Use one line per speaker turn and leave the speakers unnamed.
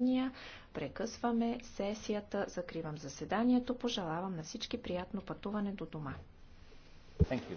Ние прекъсваме сесията, закривам заседанието, пожелавам на всички приятно пътуване до дома.
Thank you.